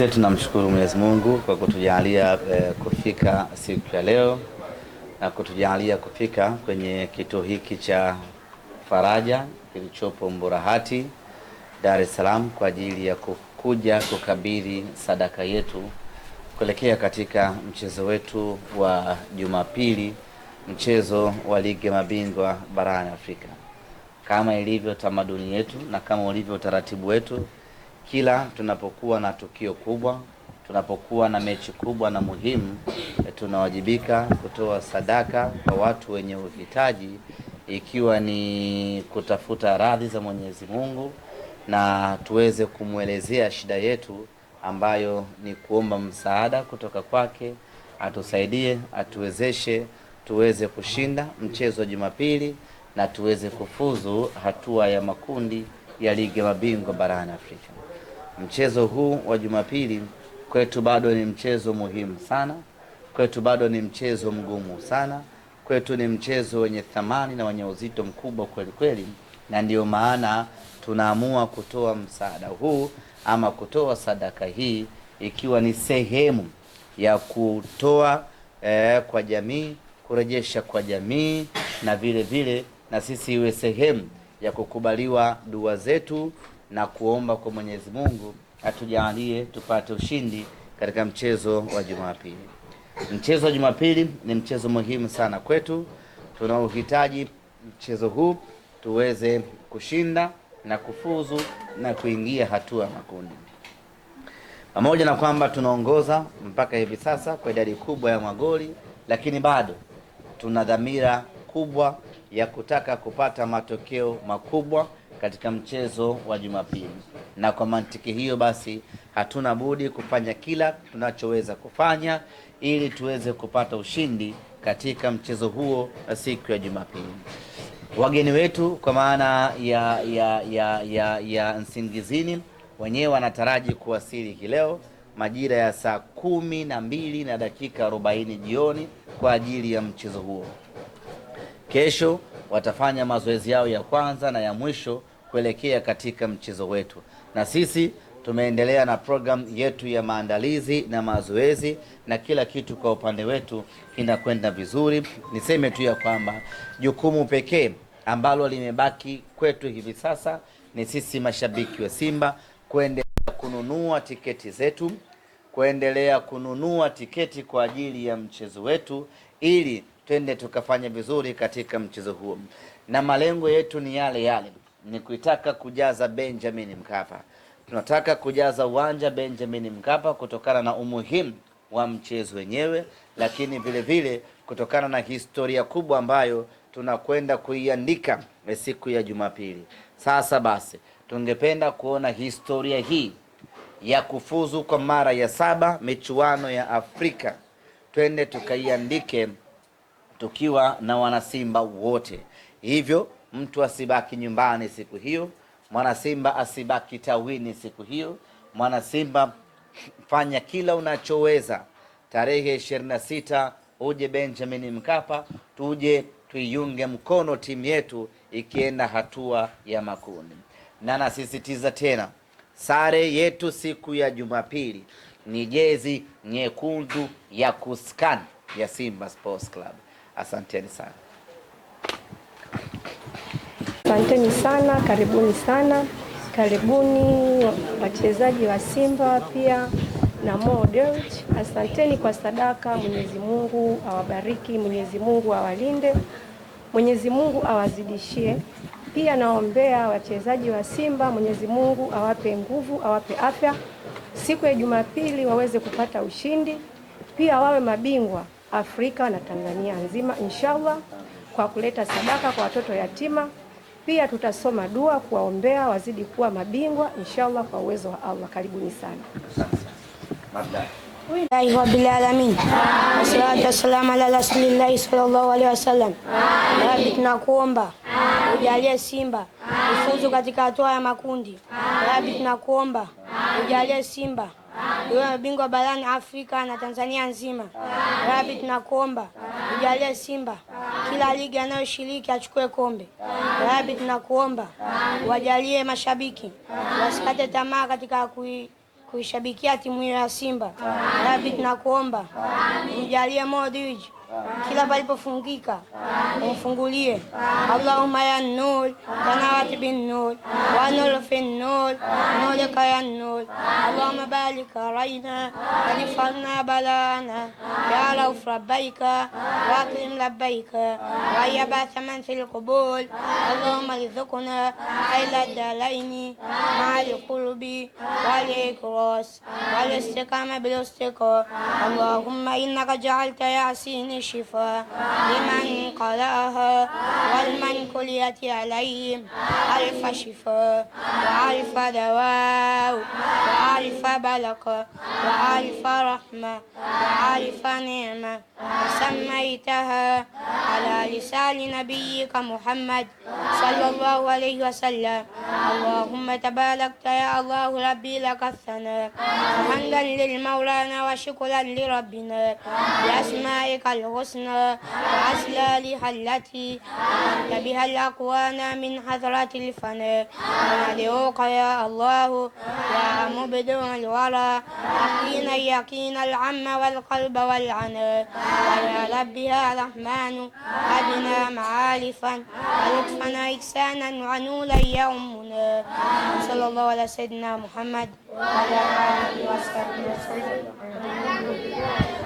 Sote tunamshukuru Mwenyezi Mungu kwa kutujalia eh, kufika siku ya leo na kutujalia kufika kwenye kituo hiki cha Faraja kilichopo Mburahati, Dar es Salaam kwa ajili ya kuja kukabidhi sadaka yetu kuelekea katika mchezo wetu wa Jumapili, mchezo wa ligi ya mabingwa barani Afrika. Kama ilivyo tamaduni yetu na kama ulivyo utaratibu wetu kila tunapokuwa na tukio kubwa, tunapokuwa na mechi kubwa na muhimu, eh, tunawajibika kutoa sadaka kwa watu wenye uhitaji, ikiwa ni kutafuta radhi za Mwenyezi Mungu na tuweze kumwelezea shida yetu ambayo ni kuomba msaada kutoka kwake, atusaidie, atuwezeshe tuweze kushinda mchezo wa Jumapili na tuweze kufuzu hatua ya makundi ya ligi ya mabingwa barani Afrika. Mchezo huu wa Jumapili kwetu bado ni mchezo muhimu sana, kwetu bado ni mchezo mgumu sana, kwetu ni mchezo wenye thamani na wenye uzito mkubwa kweli kweli, na ndiyo maana tunaamua kutoa msaada huu ama kutoa sadaka hii ikiwa ni sehemu ya kutoa eh, kwa jamii, kurejesha kwa jamii na vile vile na sisi iwe sehemu ya kukubaliwa dua zetu na kuomba kwa Mwenyezi Mungu atujalie tupate ushindi katika mchezo wa Jumapili. Mchezo wa Jumapili ni mchezo muhimu sana kwetu, tunaohitaji mchezo huu tuweze kushinda na kufuzu na kuingia hatua makundi, pamoja na kwamba tunaongoza mpaka hivi sasa kwa idadi kubwa ya magoli, lakini bado tuna dhamira kubwa ya kutaka kupata matokeo makubwa katika mchezo wa Jumapili, na kwa mantiki hiyo basi hatuna budi kufanya kila tunachoweza kufanya ili tuweze kupata ushindi katika mchezo huo siku ya Jumapili. Wageni wetu kwa maana ya, ya, ya, ya, ya Nsingizini wenyewe wanataraji kuwasili leo majira ya saa kumi na mbili na dakika arobaini jioni kwa ajili ya mchezo huo. Kesho watafanya mazoezi yao ya kwanza na ya mwisho kuelekea katika mchezo wetu, na sisi tumeendelea na programu yetu ya maandalizi na mazoezi na kila kitu kwa upande wetu kinakwenda vizuri. Niseme tu ya kwamba jukumu pekee ambalo limebaki kwetu hivi sasa ni sisi mashabiki wa Simba kuendelea kununua tiketi zetu, kuendelea kununua tiketi kwa ajili ya mchezo wetu ili twende tukafanya vizuri katika mchezo huo, na malengo yetu ni yale yale, ni kuitaka kujaza Benjamin Mkapa. Tunataka kujaza uwanja Benjamin Mkapa kutokana na umuhimu wa mchezo wenyewe, lakini vile vile kutokana na historia kubwa ambayo tunakwenda kuiandika eh, siku ya Jumapili. Sasa basi, tungependa kuona historia hii ya kufuzu kwa mara ya saba michuano ya Afrika twende tukaiandike tukiwa na wanasimba wote. Hivyo mtu asibaki nyumbani siku hiyo, mwanasimba asibaki tawini siku hiyo. Mwanasimba, fanya kila unachoweza. Tarehe ishirini na sita uje Benjamin Mkapa, tuje tuiunge mkono timu yetu ikienda hatua ya makundi, na nasisitiza tena, sare yetu siku ya Jumapili ni jezi nyekundu ya kuskan ya Simba Sports Club. Asanteni sana. Asanteni sana, karibuni sana, karibuni wachezaji wa Simba pia na model. Asanteni kwa sadaka. Mwenyezi Mungu awabariki, Mwenyezi Mungu awalinde, Mwenyezi Mungu awazidishie. Pia naombea wachezaji wa Simba, Mwenyezi Mungu awape nguvu, awape afya, siku ya Jumapili waweze kupata ushindi, pia wawe mabingwa. Afrika na Tanzania nzima inshallah, kwa kuleta sadaka kwa watoto yatima. Pia tutasoma dua kuwaombea wazidi kuwa mabingwa inshallah, kwa uwezo wa Allah. Karibuni sana. Allahi wassalamu ala rasulillahi sallallahu alaihi wasallam. Rabbi, tunakuomba ujalie Simba ufuzu katika hatua ya makundi. Rabbi, tunakuomba ujalie Simba wewe bingwa barani Afrika na Tanzania nzima. Rabi, tunakuomba ujalie Simba kila ligi anayoshiriki achukue kombe. Rabi, tunakuomba wajalie mashabiki wasikate tamaa katika kui kuishabikia timu hiyo ya Simba. Rabi, tunakuomba mjalie Modric kila palipofungika umfungulie. Allahumma ya nur tanawati bin nur wa nur fi nur nur ka ya nur Allahumma barik alaina wanifalna balana ya rauf rabbaika wa akrim labbaika wa ya basa man fil qubul Allahumma rizukuna aila dalaini مع القلب والإكراس والاستقامة بالاستقامة اللهم إنك جعلت ياسين شفاء لمن قرأها والمن كليت عليهم ألف شفاء وألف دواء وألف بلقاء وألف رحمة وألف نعمة سميتها على لسان نبيك محمد صلى الله عليه وسلم اللهم تباركت يا الله ربي لك الثناء حمدا للمولانا وشكرا لربنا بأسمائك الحسنى وأسلالها التي أنت بها الاقوان من حضرة الفناء وندعوك يا الله يا مبدع الورى أحيينا اليقين العم والقلب والعناء على يا رحمن أبنا معارفا ولطفا إحسانا ونورا يا أمنا صلى الله على سيدنا محمد وعلى آله وصحبه وسلم